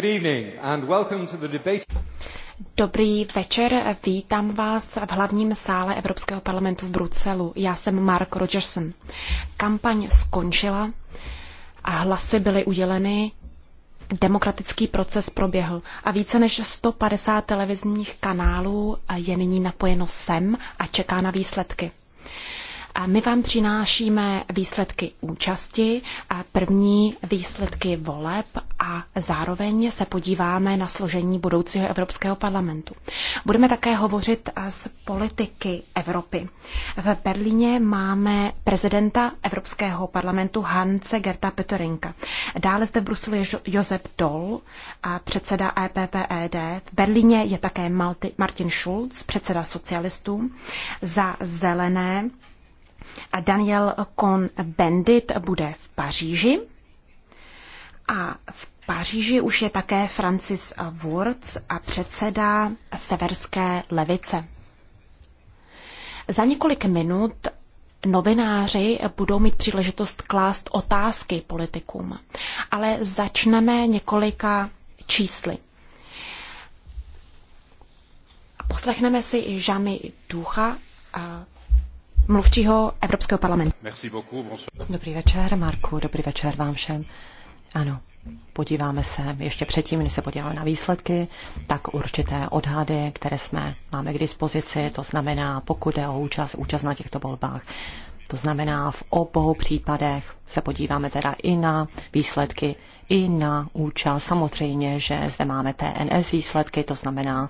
Good evening and welcome to the debate. Dobrý večer, vítám vás v hlavním sále Evropského parlamentu v Bruselu. Já jsem Mark Rogerson. Kampaň skončila a hlasy byly uděleny, demokratický proces proběhl a více než 150 televizních kanálů je nyní napojeno sem a čeká na výsledky. A my vám přinášíme výsledky účasti, a první výsledky voleb a zároveň se podíváme na složení budoucího Evropského parlamentu. Budeme také hovořit z politiky Evropy. V Berlíně máme prezidenta Evropského parlamentu Hance Gerta Petorinka. Dále zde v Bruselu je Josep Dol, a předseda EPPED. V Berlíně je také Martin Schulz, předseda socialistů. Za zelené Daniel Kohn bendit bude v Paříži a v Paříži už je také Francis Wurz a předseda Severské levice. Za několik minut novináři budou mít příležitost klást otázky politikům, ale začneme několika čísly. Poslechneme si Žami Ducha, mluvčího Evropského parlamentu. Dobrý večer, Marku, dobrý večer vám všem. Ano, podíváme se ještě předtím, než se podíváme na výsledky, tak určité odhady, které jsme máme k dispozici, to znamená, pokud je o účast, účast na těchto volbách, to znamená, v obou případech se podíváme teda i na výsledky, i na účast. Samozřejmě, že zde máme TNS výsledky, to znamená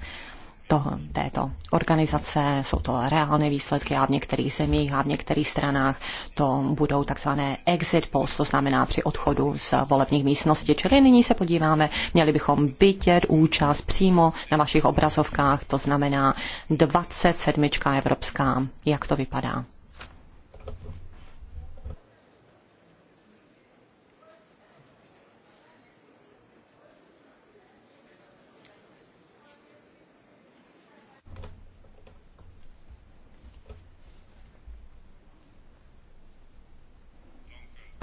to této organizace, jsou to reálné výsledky a v některých zemích a v některých stranách to budou takzvané exit polls, to znamená při odchodu z volebních místností. Čili nyní se podíváme, měli bychom bytět účast přímo na vašich obrazovkách, to znamená 27. Evropská, jak to vypadá.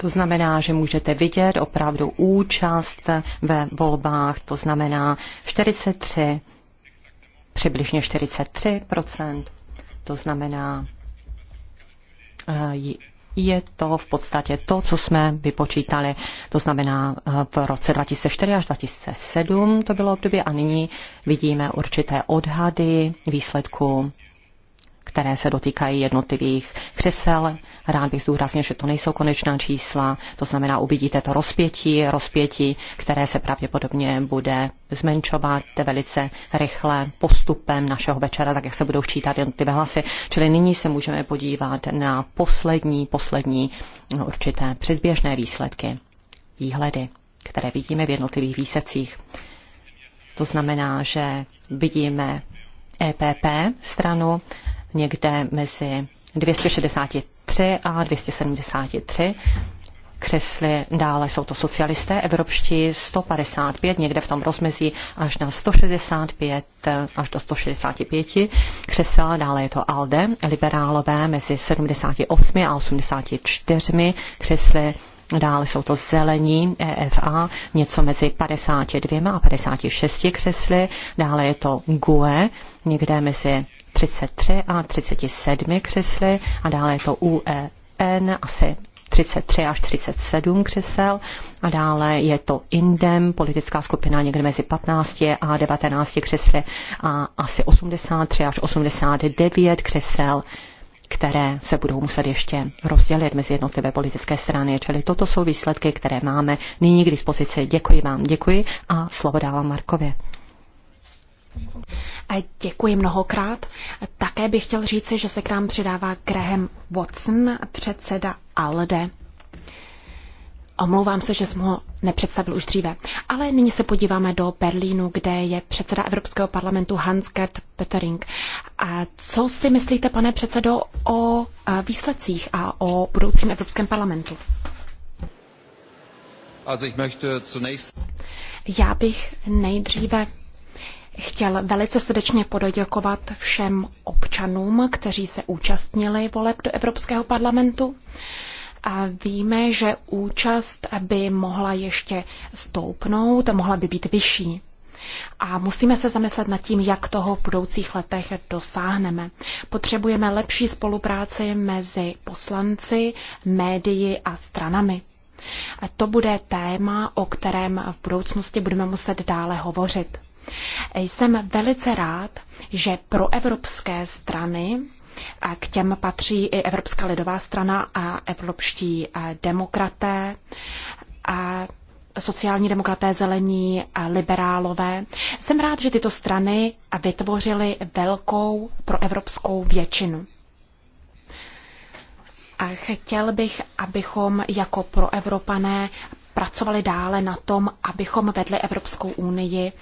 To znamená, že můžete vidět opravdu účast ve volbách, to znamená 43, přibližně 43 to znamená, eh, je to v podstatě to, co jsme vypočítali, to znamená eh, v roce 2004 až 2007 to bylo období a nyní vidíme určité odhady výsledků které se dotýkají jednotlivých křesel. Rád bych zdůraznil, že to nejsou konečná čísla, to znamená, uvidíte to rozpětí, rozpětí, které se pravděpodobně bude zmenšovat velice rychle postupem našeho večera, tak jak se budou včítat jednotlivé hlasy. Čili nyní se můžeme podívat na poslední, poslední no, určité předběžné výsledky, výhledy, které vidíme v jednotlivých výsecích. To znamená, že vidíme EPP stranu někde mezi 263 a 273 křesly. Dále jsou to socialisté evropští 155, někde v tom rozmezí až na 165, až do 165 křesel. Dále je to ALDE, liberálové mezi 78 a 84 křesly. Dále jsou to zelení EFA, něco mezi 52 a 56 křesly. Dále je to GUE, někde mezi 33 a 37 křesly a dále je to UEN asi 33 až 37 křesel a dále je to INDEM, politická skupina někde mezi 15 a 19 křesly a asi 83 až 89 křesel které se budou muset ještě rozdělit mezi jednotlivé politické strany. Čili toto jsou výsledky, které máme nyní k dispozici. Děkuji vám, děkuji a slovo dávám Markovi. Děkuji mnohokrát. Také bych chtěl říci, že se k nám přidává Graham Watson, předseda ALDE. Omlouvám se, že jsem ho nepředstavil už dříve. Ale nyní se podíváme do Berlínu, kde je předseda Evropského parlamentu Hans-Gerd Pöttering. A co si myslíte, pane předsedo, o výsledcích a o budoucím Evropském parlamentu? Já bych nejdříve chtěl velice srdečně poděkovat všem občanům, kteří se účastnili voleb do Evropského parlamentu. A víme, že účast by mohla ještě stoupnout, a mohla by být vyšší. A musíme se zamyslet nad tím, jak toho v budoucích letech dosáhneme. Potřebujeme lepší spolupráci mezi poslanci, médii a stranami. A to bude téma, o kterém v budoucnosti budeme muset dále hovořit. Jsem velice rád, že pro evropské strany a k těm patří i Evropská lidová strana a evropští demokraté, a sociální demokraté, zelení a liberálové. Jsem rád, že tyto strany vytvořily velkou proevropskou většinu. A chtěl bych, abychom jako proevropané pracovali dále na tom, abychom vedli Evropskou unii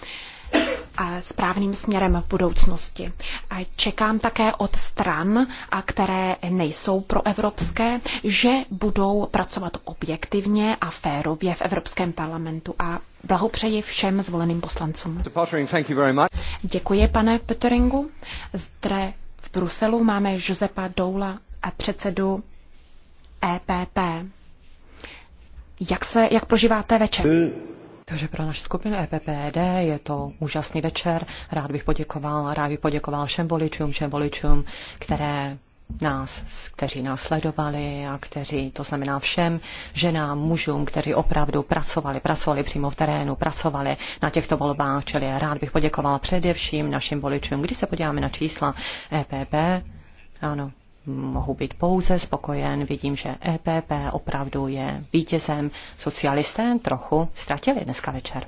správným směrem v budoucnosti. Čekám také od stran, které nejsou proevropské, že budou pracovat objektivně a férově v Evropském parlamentu a blahopřeji všem zvoleným poslancům. Děkuji, pane Peteringu. Zde v Bruselu máme Josepa Doula a předsedu EPP. Jak, se, jak prožíváte večer? Takže pro naši skupinu EPPD je to úžasný večer. Rád bych poděkoval, rád bych poděkoval všem voličům, všem voličům, které nás, kteří nás sledovali a kteří, to znamená všem ženám, mužům, kteří opravdu pracovali, pracovali přímo v terénu, pracovali na těchto volbách, čili rád bych poděkoval především našim voličům. Když se podíváme na čísla EPP, ano, mohu být pouze spokojen. Vidím, že EPP opravdu je vítězem. Socialisté trochu ztratili dneska večer.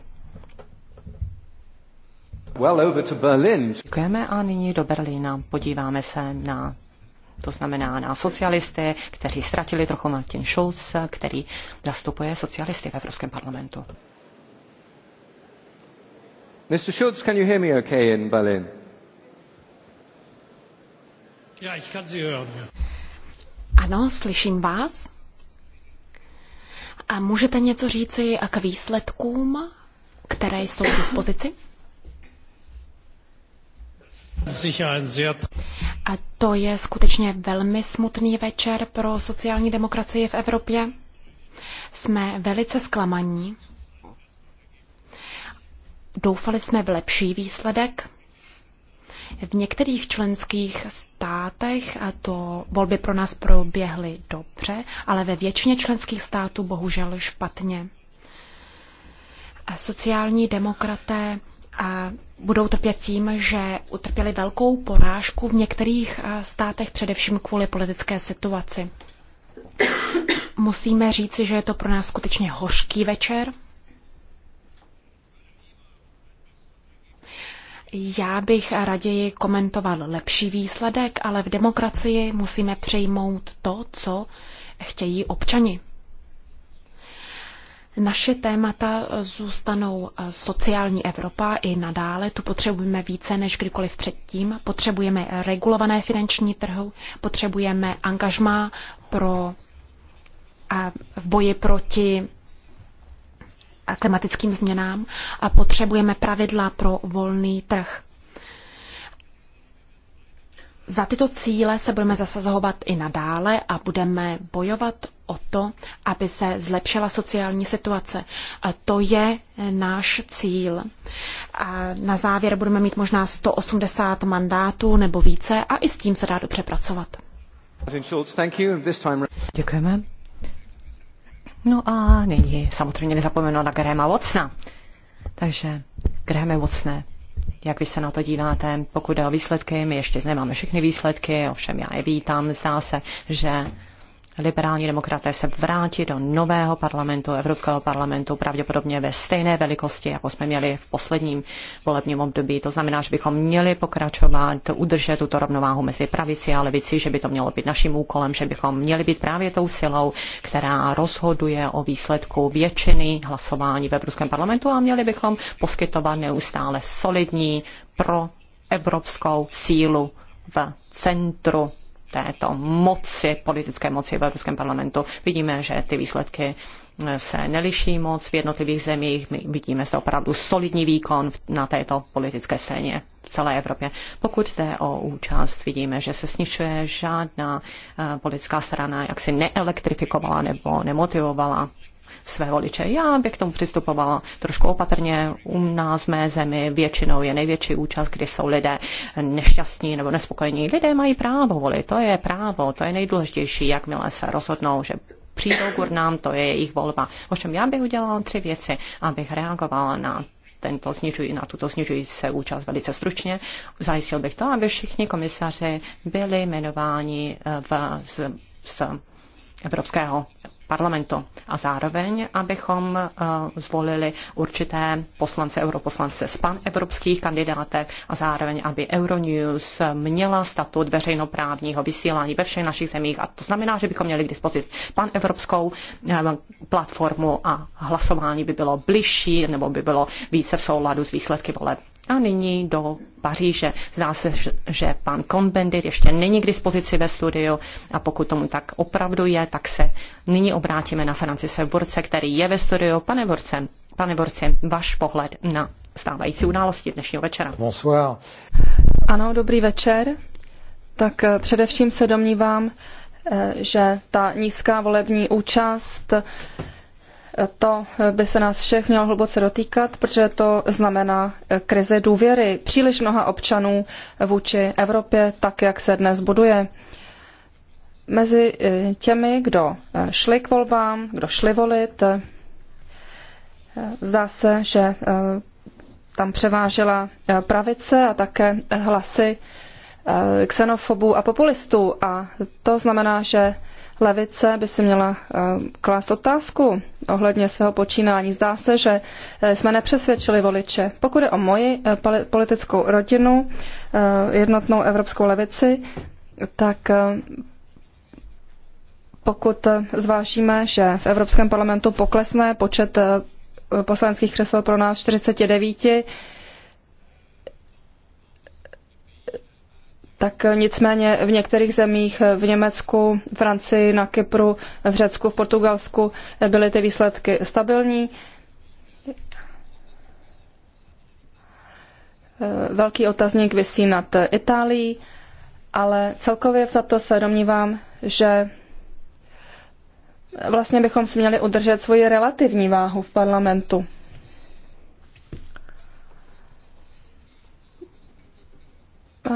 Well over to Berlin. Děkujeme a nyní do Berlína. Podíváme se na to znamená na socialisty, kteří ztratili trochu Martin Schulz, který zastupuje socialisty v Evropském parlamentu. Mr. Schulz, can you hear me okay in Berlin? ich kann Sie hören. Ano, slyším vás. A můžete něco říci k výsledkům, které jsou k dispozici? A to je skutečně velmi smutný večer pro sociální demokracii v Evropě. Jsme velice zklamaní. Doufali jsme v lepší výsledek, v některých členských státech to volby pro nás proběhly dobře, ale ve většině členských států bohužel špatně. A sociální demokraté a budou trpět tím, že utrpěli velkou porážku v některých státech, především kvůli politické situaci. Musíme říci, že je to pro nás skutečně hořký večer. Já bych raději komentoval lepší výsledek, ale v demokracii musíme přejmout to, co chtějí občani. Naše témata zůstanou eh, sociální Evropa i nadále. Tu potřebujeme více než kdykoliv předtím. Potřebujeme regulované finanční trhu, potřebujeme angažmá pro, v boji proti klimatickým změnám a potřebujeme pravidla pro volný trh. Za tyto cíle se budeme zasazovat i nadále a budeme bojovat o to, aby se zlepšila sociální situace. A to je náš cíl. A na závěr budeme mít možná 180 mandátů nebo více a i s tím se dá dobře pracovat. Děkujeme. No a nyní samozřejmě nezapomenu na Grahama Watsona. Takže Grahame Watsone, jak vy se na to díváte, pokud jde o výsledky, my ještě nemáme všechny výsledky, ovšem já je vítám, zdá se, že liberální demokraté se vrátit do nového parlamentu, Evropského parlamentu, pravděpodobně ve stejné velikosti, jako jsme měli v posledním volebním období. To znamená, že bychom měli pokračovat, udržet tuto rovnováhu mezi pravici a levici, že by to mělo být naším úkolem, že bychom měli být právě tou silou, která rozhoduje o výsledku většiny hlasování v Evropském parlamentu a měli bychom poskytovat neustále solidní pro evropskou sílu v centru této moci, politické moci v Evropském parlamentu. Vidíme, že ty výsledky eh, se neliší moc v jednotlivých zemích. My vidíme zde opravdu solidní výkon na této politické scéně v celé Evropě. Pokud jde o účast, vidíme, že se snižuje žádná eh, politická strana, jak si neelektrifikovala nebo nemotivovala své voliče. Já bych k tomu přistupovala trošku opatrně. U nás mé zemi většinou je největší účast, kdy jsou lidé nešťastní nebo nespokojení. Lidé mají právo volit, to je právo, to je nejdůležitější, jakmile se rozhodnou, že přijdou k urnám, to je jejich volba. Ovšem já bych udělala tři věci, abych reagovala na tento snižují, na tuto snižují se účast velice stručně. Zajistil bych to, aby všichni komisaři byli jmenováni eh, v, z, z Evropského parlamentu a zároveň, abychom eh, zvolili určité poslance, europoslance z evropských kandidátek a zároveň, aby Euronews měla statut veřejnoprávního vysílání ve všech našich zemích. A to znamená, že bychom měli k dispozici pan evropskou eh, platformu a hlasování by bylo bližší nebo by bylo více v souladu s výsledky voleb. A nyní do Paříže. Zdá se, že pan Konbendit ještě není k dispozici ve studiu a pokud tomu tak opravdu je, tak se nyní obrátíme na Francise Borce, který je ve studiu. Pane Borce, pane Borce, váš pohled na stávající události dnešního večera. Bonsoir. Ano, dobrý večer. Tak eh, především se domnívám, eh, že ta nízká volební účast to by se nás všech mělo hluboce dotýkat, protože to znamená krize důvěry příliš mnoha občanů vůči Evropě, tak jak se dnes buduje. Mezi eh, těmi, kdo eh, šli k volbám, kdo šli volit, eh, zdá se, že tam převážela pravice a také hlasy xenofobů a populistů. A to znamená, že levice by si měla eh, klást otázku ohledně svého počínání. Zdá se, že eh, jsme nepřesvědčili voliče. Pokud je o moji eh, politickou rodinu, jednotnou evropskou levici, tak pokud zvážíme, že v Evropském parlamentu poklesne počet poslaneckých křesel pro nás 49, tak nicméně v některých zemích, v Německu, Francii, na Kypru, v Řecku, v Portugalsku byly ty výsledky stabilní. Velký otazník vysí nad Itálií, ale celkově za to se domnívám, že vlastně bychom si měli udržet svoji relativní váhu v parlamentu. A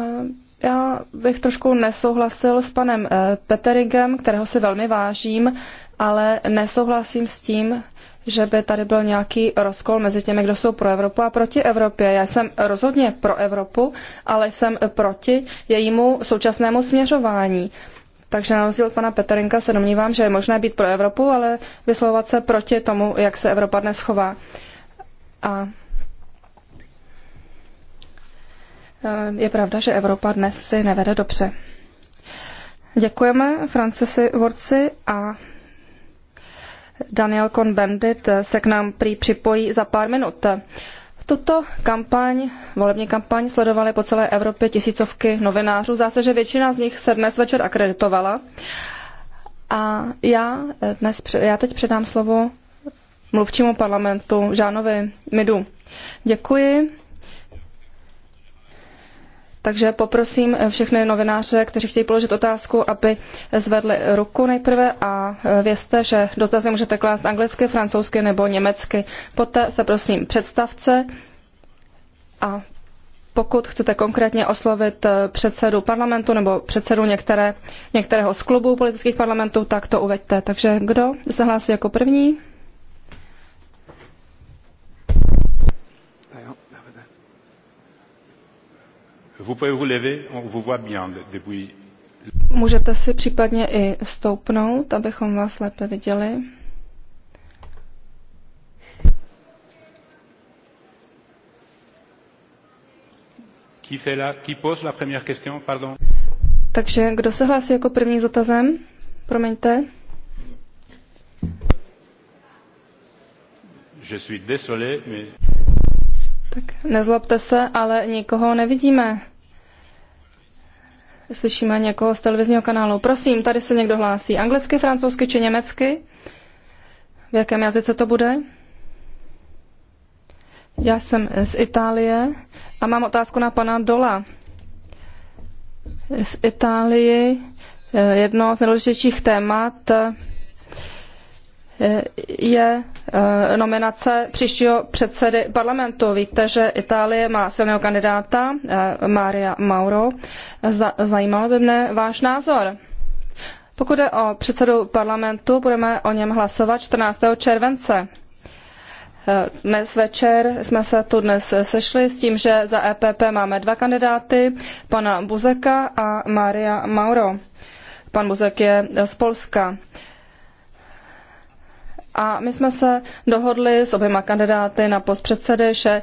já bych trošku nesouhlasil s panem eh, Peterigem, kterého si velmi vážím, ale nesouhlasím s tím, že by tady byl nějaký rozkol mezi těmi, kdo jsou pro Evropu a proti Evropě. Já jsem rozhodně pro Evropu, ale jsem proti jejímu současnému směřování. Takže na rozdíl od pana Peterinka se domnívám, že je možné být pro Evropu, ale vyslovovat se proti tomu, jak se Evropa dnes chová. A Eh, je pravda, že Evropa dnes si nevede dobře. Děkujeme Francesi Vorci a Daniel Cohn-Bendit se k nám prý připojí za pár minut. Tuto kampaň, volební kampaň, sledovaly po celé Evropě tisícovky novinářů. Zase, že většina z nich se dnes večer akreditovala. A já, dnes, já teď předám slovo mluvčímu parlamentu Žánovi Midu. Děkuji. Takže poprosím všechny novináře, kteří chtějí položit otázku, aby zvedli ruku nejprve a vězte, že dotazy můžete klást anglicky, francouzsky nebo německy. Poté se prosím představce a pokud chcete konkrétně oslovit předsedu parlamentu nebo předsedu některé, některého z klubů politických parlamentů, tak to uveďte. Takže kdo se hlásí jako první? Můžete si případně i stoupnout, abychom vás lépe viděli. Qui fait la, qui pose la première question, pardon. Takže kdo se hlásí jako první s dotazem? Promiňte. Je suis désolé, mais... Tak nezlobte se, ale nikoho nevidíme slyšíme někoho z televizního kanálu. Prosím, tady se někdo hlásí. Anglicky, francouzsky či německy? V jakém jazyce to bude? Já jsem z Itálie a mám otázku na pana Dola. V Itálii eh, jedno z nejdůležitějších témat je eh, nominace příštího předsedy parlamentu. Víte, že Itálie má silného kandidáta, eh, Maria Mauro. Zajímal by mne váš názor. Pokud je o předsedu parlamentu, budeme o něm hlasovat 14. července. Eh, dnes večer jsme se tu dnes sešli s tím, že za EPP máme dva kandidáty, pana Buzeka a Maria Mauro. Pan Buzek je z Polska. A my jsme se dohodli s oběma kandidáty na post předsedy, že e,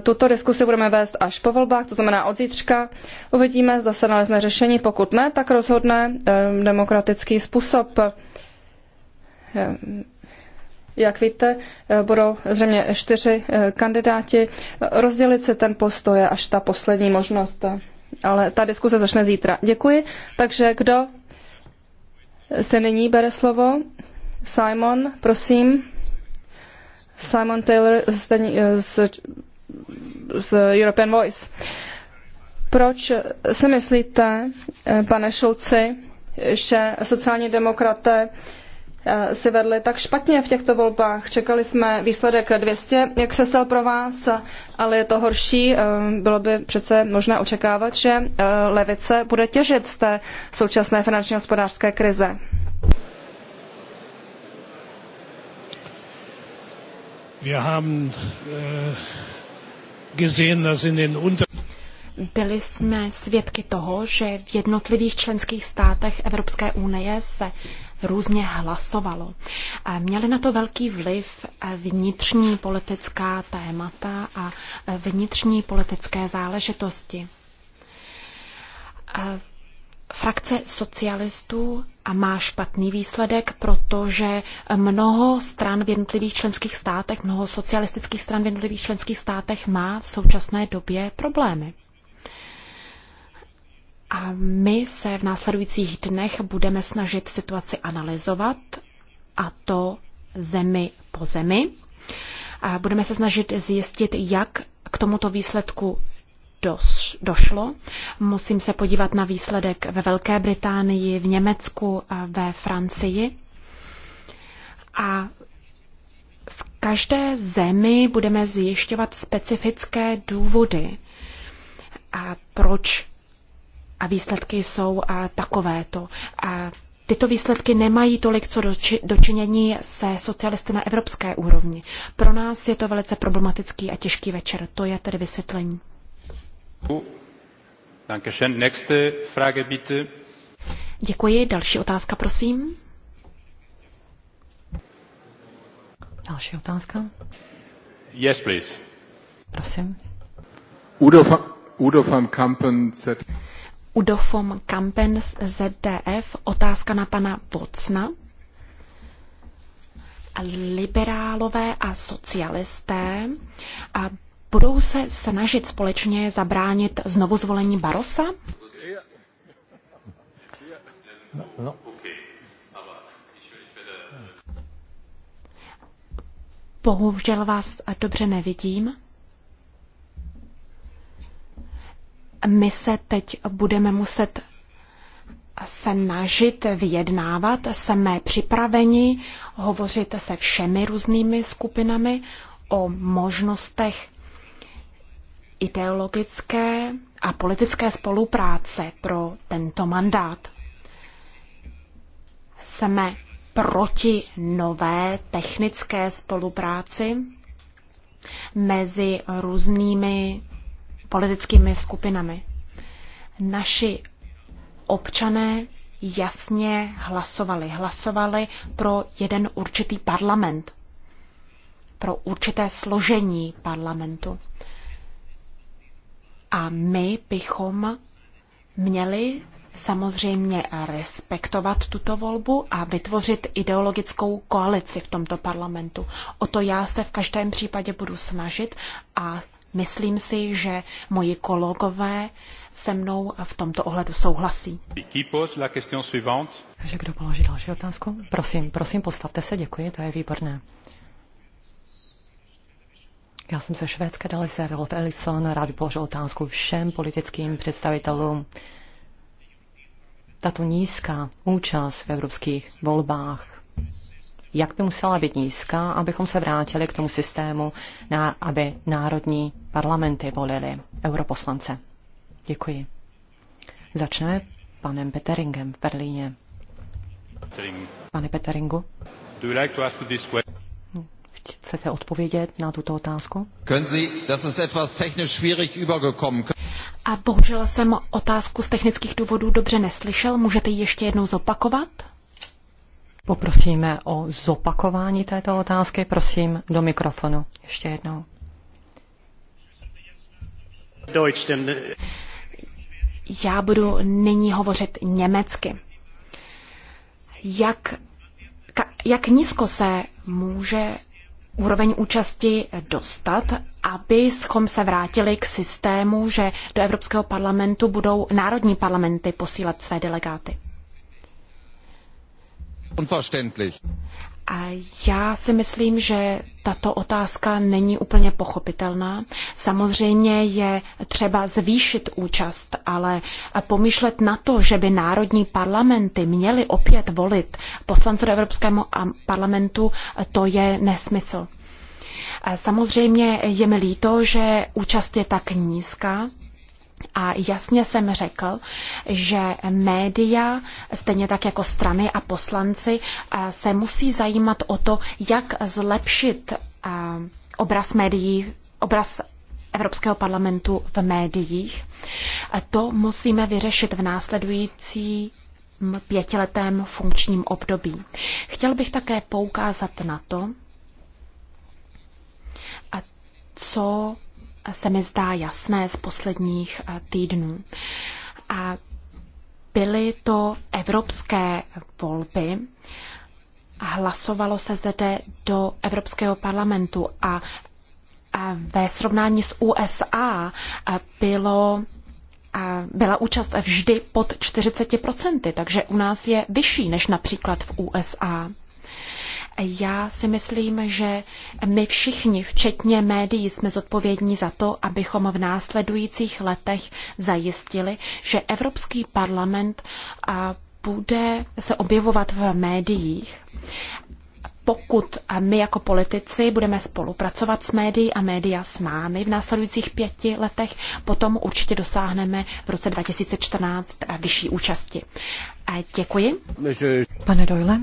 tuto diskusi budeme vést až po volbách, to znamená od zítřka. Uvidíme, zda se nalezne řešení. Pokud ne, tak rozhodne e, demokratický způsob. E, jak víte, budou zřejmě čtyři kandidáti. Rozdělit si ten postoj je až ta poslední možnost. Ale ta diskuse začne zítra. Děkuji. Takže kdo se nyní bere slovo? Simon, prosím. Simon Taylor z, eh, z, z European Voice. Proč si myslíte, eh, pane Šulci, že sociální demokraté eh, si vedli tak špatně v těchto volbách. Čekali jsme výsledek 200 křesel pro vás, ale je to horší. Bylo by přece možné očekávat, že levice bude těžit z té současné finanční hospodářské krize. Wir haben äh, gesehen, dass in den Unter byli jsme svědky toho, že v jednotlivých členských státech Evropské unie se různě hlasovalo. Měly na to velký vliv eh, vnitřní politická témata a eh, vnitřní politické záležitosti. Eh, frakce socialistů a má špatný výsledek, protože mnoho stran v jednotlivých členských státech, mnoho socialistických stran v jednotlivých členských státech má v současné době problémy. A my se v následujících dnech budeme snažit situaci analyzovat, a to zemi po zemi. A budeme se snažit zjistit, jak k tomuto výsledku dos, došlo. Musím se podívat na výsledek ve Velké Británii, v Německu, ve Francii. A v každé zemi budeme zjišťovat specifické důvody, a proč a výsledky jsou a takovéto. A tyto výsledky nemají tolik co doči, dočinění se socialisty na evropské úrovni. Pro nás je to velice problematický a těžký večer. To je tedy vysvětlení. Děkuji. Další otázka, prosím. Další otázka. Yes, please. Prosím. Udo, van, Udo van Kampen, Z... Udo von Kampen z ZDF. Otázka na pana Vocna. Liberálové a socialisté a Budou se snažit společně zabránit znovuzvolení Barosa? No, no. Bohužel vás dobře nevidím. My se teď budeme muset snažit vyjednávat. Jsme připraveni hovořit se všemi různými skupinami o možnostech ideologické a politické spolupráce pro tento mandát. Jsme proti nové technické spolupráci mezi různými politickými skupinami. Naši občané jasně hlasovali. Hlasovali pro jeden určitý parlament, pro určité složení parlamentu. A my bychom měli samozřejmě respektovat tuto volbu a vytvořit ideologickou koalici v tomto parlamentu. O to já se v každém případě budu snažit a myslím si, že moji kolegové se mnou v tomto ohledu souhlasí. Takže kdo položí další otázku? Prosím, prosím, postavte se, děkuji, to je výborné. Já jsem ze Švédska, dali se Rolf Ellison, rád bych položil otázku všem politickým představitelům. Tato nízká účast v evropských volbách, jak by musela být nízká, abychom se vrátili k tomu systému, na, aby národní parlamenty volili europoslance? Děkuji. Začneme panem Peteringem v Berlíně. Pane Peteringu chcete odpovědět na tuto otázku? A bohužel jsem otázku z technických důvodů dobře neslyšel. Můžete ji ještě jednou zopakovat? Poprosíme o zopakování této otázky. Prosím do mikrofonu ještě jednou. Äh, Já budu nyní hovořit německy. Jak, ka, jak nízko se může úroveň účasti dostat, aby schom se vrátili k systému, že do Evropského parlamentu budou národní parlamenty posílat své delegáty. A já si myslím, že tato otázka není úplně pochopitelná. Samozřejmě je třeba zvýšit účast, ale pomýšlet na to, že by národní parlamenty měly opět volit poslance do Evropského parlamentu, to je nesmysl. Samozřejmě je mi líto, že účast je tak nízká, a jasně jsem řekl, že média, stejně tak jako strany a poslanci, eh, se musí zajímat o to, jak zlepšit eh, obraz médií, obraz Evropského parlamentu v médiích. A to musíme vyřešit v následující pětiletém funkčním období. Chtěl bych také poukázat na to, co se mi zdá jasné z posledních eh, týdnů. A byly to evropské volby, hlasovalo se zde do Evropského parlamentu a ve srovnání s USA eh, bylo, eh, byla účast vždy pod 40%, takže u nás je vyšší než například v USA. Já si myslím, že my všichni, včetně médií, jsme zodpovědní za to, abychom v následujících letech zajistili, že Evropský parlament bude se objevovat v médiích pokud my jako politici budeme spolupracovat s médií a média s námi v následujících pěti letech, potom určitě dosáhneme v roce 2014 vyšší účasti. Děkuji. Pane Doyle.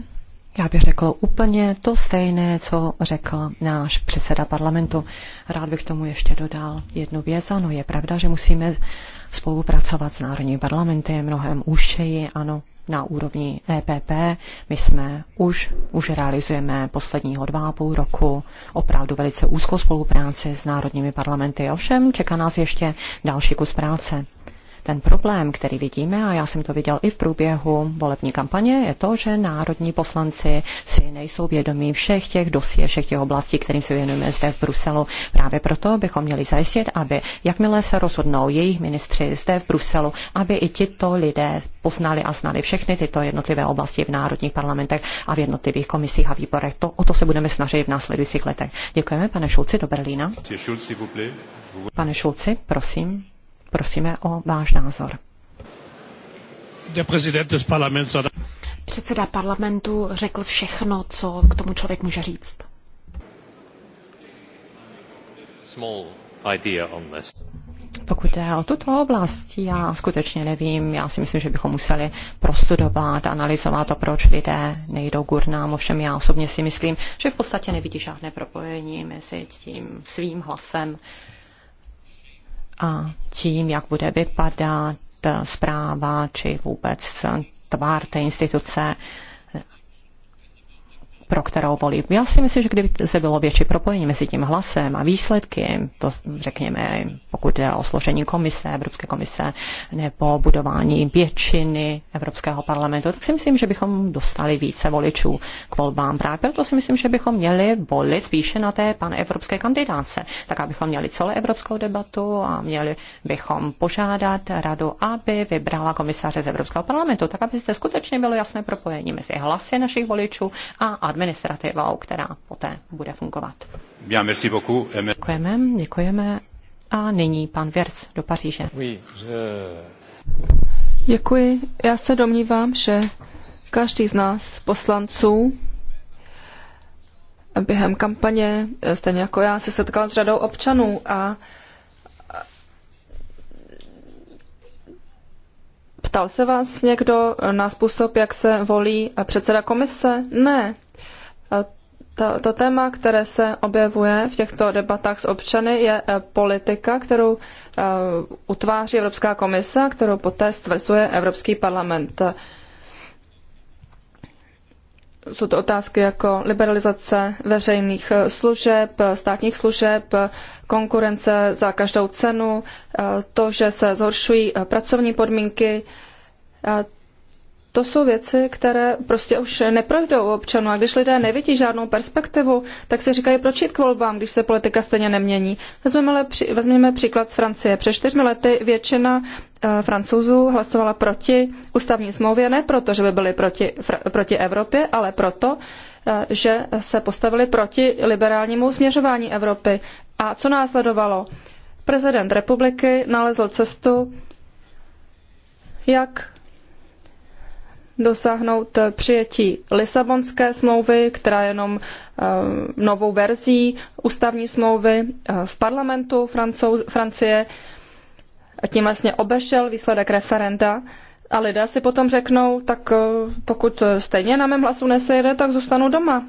Já bych řekl úplně to stejné, co řekl náš předseda parlamentu. Rád bych tomu ještě dodal jednu věc. Ano, je pravda, že musíme spolupracovat s národními parlamenty mnohem úžšeji, ano, na úrovni EPP. My jsme už, už realizujeme posledního dva a půl roku opravdu velice úzkou spolupráci s národními parlamenty. Ovšem, čeká nás ještě další kus práce. Ten problém, který vidíme, a já jsem to viděl i v průběhu volební kampaně, je to, že národní poslanci si nejsou vědomí všech těch dosie, všech těch oblastí, kterým se věnujeme zde v Bruselu. Právě proto bychom měli zajistit, aby jakmile se rozhodnou jejich ministři zde v Bruselu, aby i tito lidé poznali a znali všechny tyto jednotlivé oblasti v národních parlamentech a v jednotlivých komisích a výborech. To, o to se budeme snažit v následujících letech. Děkujeme, pane Šulci, do Berlína. Pane Šulci, prosím. Prosíme o váš názor. Předseda parlamentu řekl všechno, co k tomu člověk může říct. Pokud jde o tuto oblast, já skutečně nevím. Já si myslím, že bychom museli prostudovat, analyzovat a proč lidé nejdou k urnám. Ovšem já osobně si myslím, že v podstatě nevidí žádné propojení mezi tím svým hlasem a tím, jak bude vypadat eh, zpráva či vůbec eh, tvár té instituce pro kterou volí. Já si myslím, že kdyby se bylo větší propojení mezi tím hlasem a výsledky, to řekněme, pokud jde o složení komise, Evropské komise, nebo budování většiny Evropského parlamentu, tak si myslím, že bychom dostali více voličů k volbám. Právě proto si myslím, že bychom měli volit spíše na té panevropské kandidáce, tak abychom měli celou evropskou debatu a měli bychom požádat radu, aby vybrala komisaře z Evropského parlamentu, tak aby zde skutečně bylo jasné propojení mezi hlasy našich voličů a administrativou, která poté bude fungovat. Děkujeme, děkujeme. A nyní pan Věrc do Paříže. Děkuji. Já se domnívám, že každý z nás poslanců během kampaně, stejně jako já, se setkal s řadou občanů a ptal se vás někdo na způsob, jak se volí předseda komise? Ne to, to téma, které se objevuje v těchto debatách s občany, je eh, politika, kterou eh, utváří Evropská komise kterou poté stvrzuje Evropský parlament. Jsou to otázky jako liberalizace veřejných eh, služeb, státních služeb, konkurence za každou cenu, to, že se zhoršují pracovní podmínky, to jsou věci, které prostě už neprojdou občanů. A když lidé nevidí žádnou perspektivu, tak si říkají, proč jít k volbám, když se politika stejně nemění. Vezmeme, vezmeme příklad z Francie. Před čtyřmi lety většina eh, Francouzů hlasovala proti ústavní smlouvě, ne proto, že by byli proti, proti Evropě, ale proto, eh, že se postavili proti liberálnímu směřování Evropy. A co následovalo? Prezident republiky nalezl cestu, jak dosáhnout eh, přijetí Lisabonské smlouvy, která je jenom eh, novou verzí ústavní smlouvy eh, v parlamentu Francouz, Francie. Tím vlastně obešel výsledek referenda. A lidé si potom řeknou, tak pokud stejně na mém hlasu nesejde, tak zůstanu doma.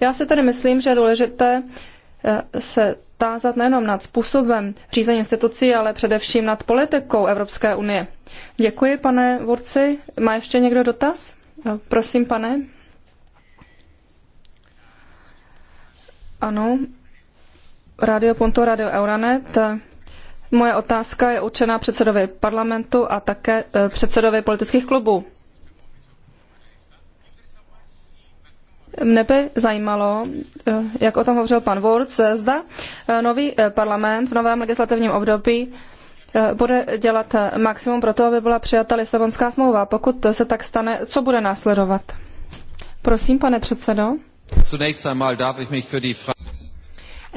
Já si tedy myslím, že je důležité se tázat nejenom nad způsobem řízení institucí, ale především nad politikou Evropské unie. Děkuji, pane Vurci. Má ještě někdo dotaz? Prosím, pane. Ano. Radio Ponto, Radio Euronet. Moje otázka je určená předsedovi parlamentu a také eh, předsedovi politických klubů. Mne by zajímalo, eh, jak o tom hovořil pan Wurz, zda eh, nový eh, parlament v novém legislativním období bude dělat maximum pro to, aby byla přijata Lisabonská smlouva. Pokud se tak stane, co bude následovat? Prosím, pane předsedo.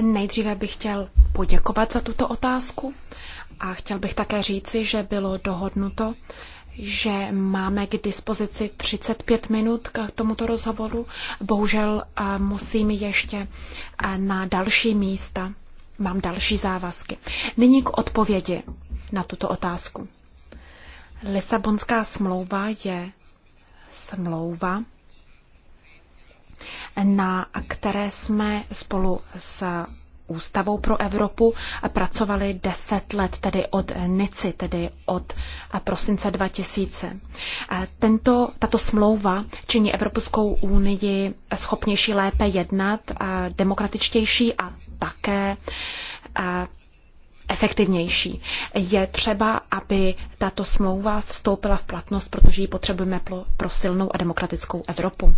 Nejdříve bych chtěl poděkovat za tuto otázku a chtěl bych také říci, že bylo dohodnuto, že máme k dispozici 35 minut k tomuto rozhovoru. Bohužel musím ještě na další místa. Mám další závazky. Nyní k odpovědi na tuto otázku. Lisabonská smlouva je smlouva, na které jsme spolu s ústavou pro Evropu a pracovali deset let, tedy od NICI, tedy od eh, prosince 2000. Tento, tato smlouva činí Evropskou unii schopnější lépe jednat, eh, demokratičtější a také eh, efektivnější. Je třeba, aby tato smlouva vstoupila v platnost, protože ji potřebujeme pro silnou a demokratickou Evropu.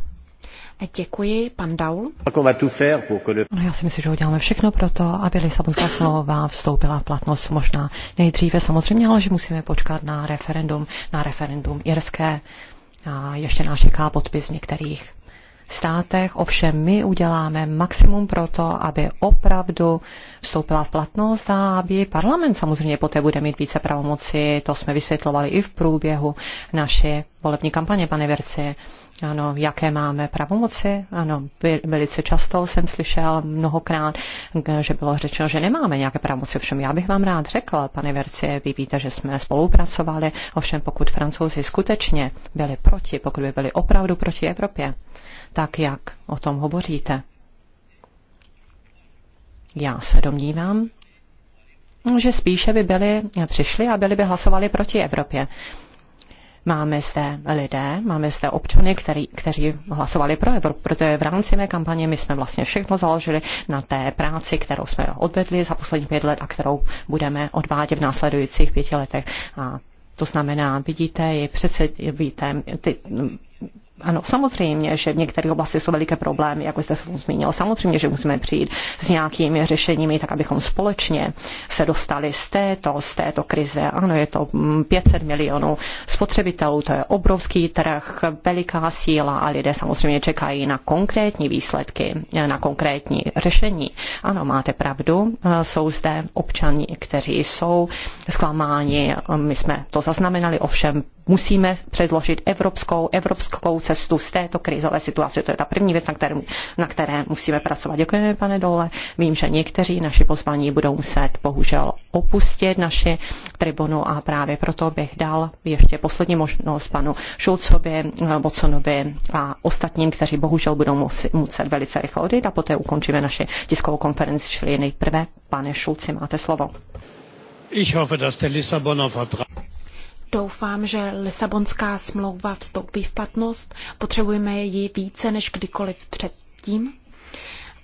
Děkuji, pan Daul. No, já si myslím, že uděláme všechno pro to, aby Lisabonská slova vstoupila v platnost možná nejdříve samozřejmě, ale že musíme počkat na referendum, na referendum irské. A ještě nás čeká podpis některých státech, ovšem my uděláme maximum pro to, aby opravdu vstoupila v platnost a aby parlament samozřejmě poté bude mít více pravomoci. To jsme vysvětlovali i v průběhu naší volební kampaně, pane Verci. Ano, jaké máme pravomoci? Ano, velice často jsem slyšel mnohokrát, eh, že bylo řečeno, že nemáme nějaké pravomoci. Ovšem, já bych vám rád řekl, pane Verci, vy víte, že jsme spolupracovali, ovšem pokud francouzi skutečně byli proti, pokud by byli opravdu proti Evropě, tak jak o tom hovoříte. Já se domnívám, že spíše by byli, přišli a byli by hlasovali proti Evropě. Máme zde lidé, máme zde občany, který, kteří hlasovali pro Evropu, protože v rámci mé kampaně my jsme vlastně všechno založili na té práci, kterou jsme odvedli za posledních pět let a kterou budeme odvádět v následujících pěti letech. A to znamená, vidíte, je přece, víte, ty, ano, samozřejmě, že v některých oblastech jsou veliké problémy, jako jste se zmínil. Samozřejmě, že musíme přijít s nějakými řešeními, tak abychom společně se dostali z této, z této krize. Ano, je to 500 mm, milionů spotřebitelů, to je obrovský trh, veliká síla a lidé samozřejmě čekají na konkrétní výsledky, na konkrétní řešení. Ano, máte pravdu, jsou zde občani, kteří jsou zklamáni. My jsme to zaznamenali, ovšem musíme předložit evropskou, evropskou cestu cestu z této krizové situace. To je ta první věc, na které, na které musíme pracovat. Děkujeme, pane Dole. Vím, že někteří naši pozvaní budou muset bohužel opustit naši tribunu a právě proto bych dal ještě poslední možnost panu Šulcovi, Watsonovi a ostatním, kteří bohužel budou muset, muset velice rychle odejít a poté ukončíme naši tiskovou konferenci, čili nejprve, pane Šulci, máte slovo. Ich hoffe, dass der Lissabonner Vertrag Doufám, že Lisabonská smlouva vstoupí v platnost. Potřebujeme ji více než kdykoliv předtím.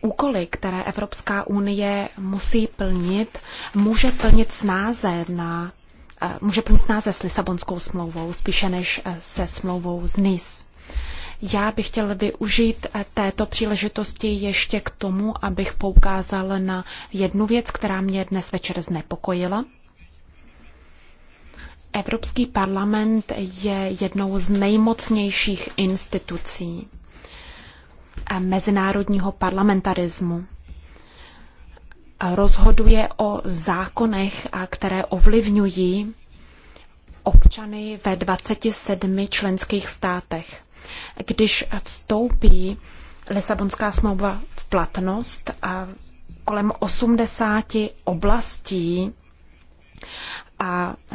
Úkoly, které Evropská unie musí plnit, může plnit snáze na eh, může plnit snáze s Lisabonskou smlouvou, spíše než eh, se smlouvou z NIS. Já bych chtěl využít eh, této příležitosti ještě k tomu, abych poukázal na jednu věc, která mě dnes večer znepokojila. Evropský parlament je jednou z nejmocnějších institucí mezinárodního parlamentarismu. Rozhoduje o zákonech, které ovlivňují občany ve 27 členských státech. Když vstoupí Lisabonská smlouva v platnost, a kolem 80 oblastí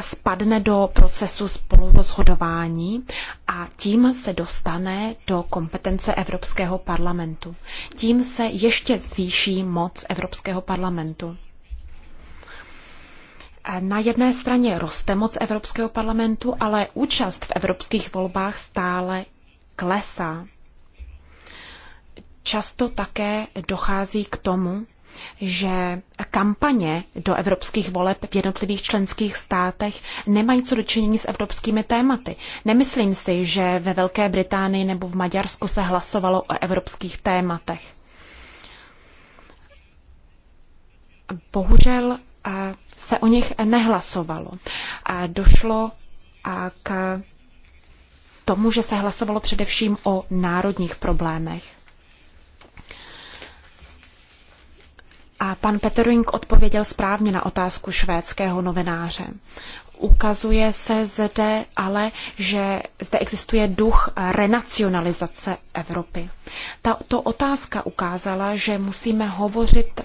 spadne do procesu spolurozhodování a tím se dostane do kompetence Evropského parlamentu. Tím se ještě zvýší moc Evropského parlamentu. Na jedné straně roste moc Evropského parlamentu, ale účast v evropských volbách stále klesá. Často také dochází k tomu, že kampaně do evropských voleb v jednotlivých členských státech nemají co dočinění s evropskými tématy. Nemyslím si, že ve Velké Británii nebo v Maďarsku se hlasovalo o evropských tématech. Bohužel eh, se o nich nehlasovalo. A eh, došlo eh, k tomu, že se hlasovalo především o národních problémech. A pan Petering odpověděl správně na otázku švédského novináře. Ukazuje se zde ale, že zde existuje duch renacionalizace Evropy. Tato otázka ukázala, že musíme hovořit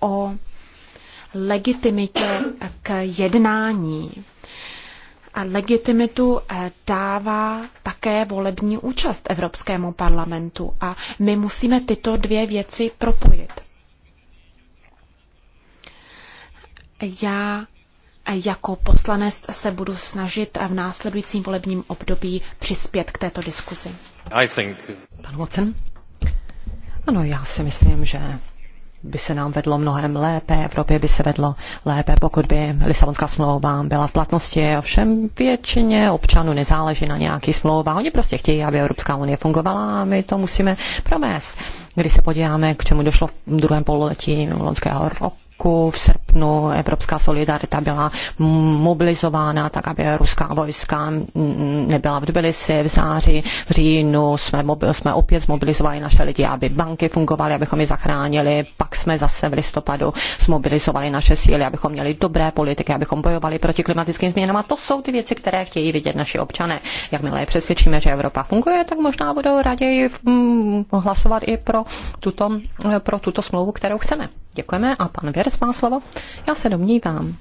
o legitimitě k jednání. A legitimitu eh, dává také volební účast Evropskému parlamentu. A my musíme tyto dvě věci propojit. Já jako poslanec se budu snažit v následujícím volebním období přispět k této diskuzi. I think... Pan Watson? Ano, já si myslím, že by se nám vedlo mnohem lépe, Evropě by se vedlo lépe, pokud by Lisabonská smlouva byla v platnosti. Ovšem většině občanů nezáleží na nějaký smlouva. Oni prostě chtějí, aby Evropská unie fungovala a my to musíme promést. Když se podíváme, k čemu došlo v druhém pololetí loňského roku, v srpnu, srpnu evropská solidarita byla mobilizována tak, aby ruská vojska nebyla v Tbilisi v září, v říjnu jsme, mobil, jsme opět zmobilizovali naše lidi, aby banky fungovaly, abychom je zachránili, pak jsme zase v listopadu zmobilizovali naše síly, abychom měli dobré politiky, abychom bojovali proti klimatickým změnám a to jsou ty věci, které chtějí vidět naši občané. Jakmile je přesvědčíme, že Evropa funguje, tak možná budou raději mm, hlasovat i pro tuto, pro tuto smlouvu, kterou chceme. Děkujeme a pan Věrc má slovo. Já se domnívám,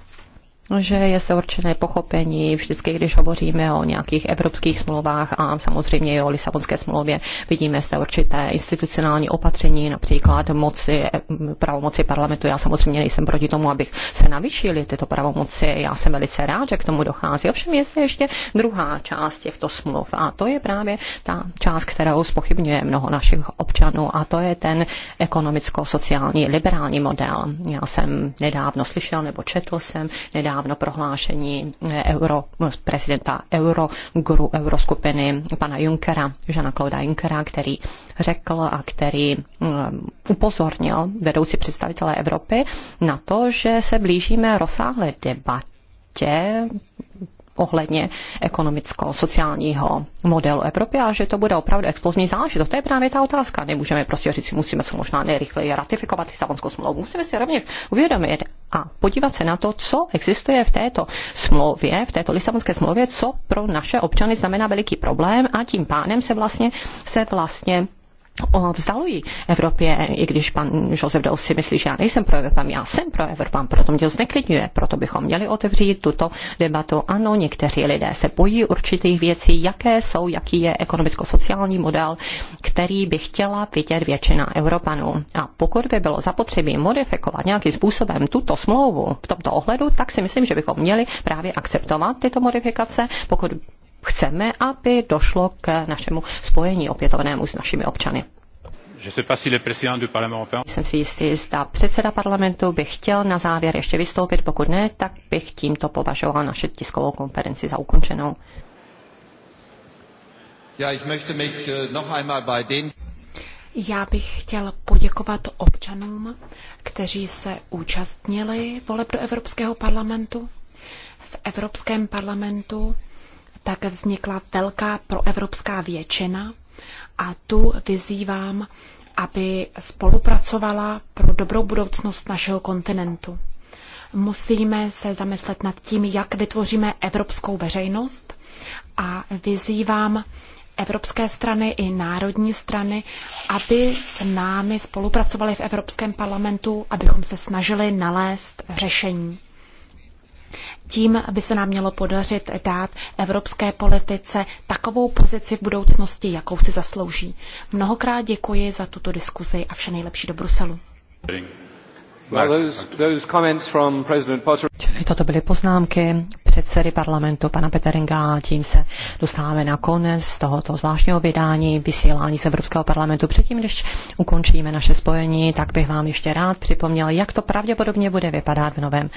že je se určené pochopení vždycky, když hovoříme o nějakých evropských smlouvách a samozřejmě i o Lisabonské smlouvě, vidíme se určité institucionální opatření, například moci, eh, pravomoci parlamentu. Já samozřejmě nejsem proti tomu, abych se navýšili tyto pravomoci. Já jsem velice rád, že k tomu dochází. Ovšem je se ještě druhá část těchto smluv a to je právě ta část, kterou spochybňuje mnoho našich občanů a to je ten ekonomicko-sociální liberální model. Já jsem nedávno slyšel nebo četl jsem nedávno nedávno prohlášení euro, prezidenta euro, guru euroskupiny pana Junckera, Žana Klauda Junckera, který řekl a který um, upozornil vedoucí představitele Evropy na to, že se blížíme rozsáhlé debatě ohledně ekonomicko sociálního modelu Evropy a že to bude opravdu explozní záležitost. To je právě ta otázka. Nemůžeme prostě říct, musíme co možná nejrychleji ratifikovat Lisabonskou smlouvu. Musíme si rovněž uvědomit a podívat se na to, co existuje v této smlouvě, v této Lisabonské smlouvě, co pro naše občany znamená veliký problém a tím pádem se vlastně se vlastně vzdalují Evropě, i když pan Josef Dol si myslí, že já nejsem pro Evropan, já jsem pro Evropan, proto mě to zneklidňuje, proto bychom měli otevřít tuto debatu. Ano, někteří lidé se bojí určitých věcí, jaké jsou, jaký je ekonomicko-sociální model, který by chtěla vidět většina Evropanů. A pokud by bylo zapotřebí modifikovat nějakým způsobem tuto smlouvu v tomto ohledu, tak si myslím, že bychom měli právě akceptovat tyto modifikace, pokud chceme, aby došlo k našemu spojení opětovnému s našimi občany. Jsem si jistý, zda předseda parlamentu by chtěl na závěr ještě vystoupit, pokud ne, tak bych tímto považoval naše tiskovou konferenci za ukončenou. Äh, já bych chtěl poděkovat občanům, kteří se účastnili voleb do Evropského parlamentu. V Evropském parlamentu tak vznikla velká proevropská většina a tu vyzývám, aby spolupracovala pro dobrou budoucnost našeho kontinentu. Musíme se zamyslet nad tím, jak vytvoříme evropskou veřejnost a vyzývám evropské strany i národní strany, aby s námi spolupracovali v Evropském parlamentu, abychom se snažili nalézt řešení. Tím by se nám mělo podařit dát evropské politice takovou pozici v budoucnosti, jakou si zaslouží. Mnohokrát děkuji za tuto diskuzi a vše nejlepší do Bruselu. Čili toto byly poznámky předsedy parlamentu pana Peteringa. Tím se dostáváme na konec tohoto zvláštního vydání vysílání z Evropského parlamentu. Předtím, než ukončíme naše spojení, tak bych vám ještě rád připomněl, jak to pravděpodobně bude vypadat v novém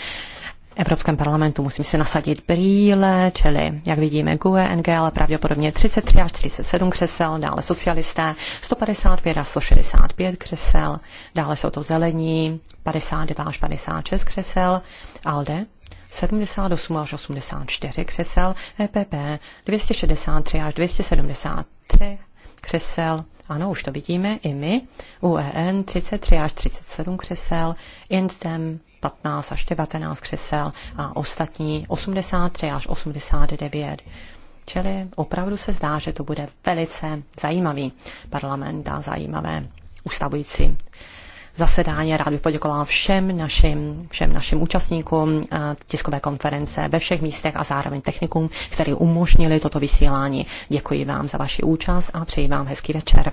Evropském parlamentu musím si nasadit brýle, čili, jak vidíme, GUE, NG, ale pravděpodobně 33 až 37 křesel, dále socialisté, 155 až 165 křesel, dále jsou to zelení, 52 až 56 křesel, ALDE, 78 až 84 křesel, EPP, 263 až 273 křesel, ano, už to vidíme i my, UEN 33 až 37 křesel, INSTEM 15 až 19 křesel a ostatní 83 až 89. Čili opravdu se zdá, že to bude velice zajímavý parlament a zajímavé ustavující zasedání. Rád bych poděkoval všem našim, všem našim účastníkům eh, tiskové konference ve všech místech a zároveň technikům, kteří umožnili toto vysílání. Děkuji vám za vaši účast a přeji vám hezký večer.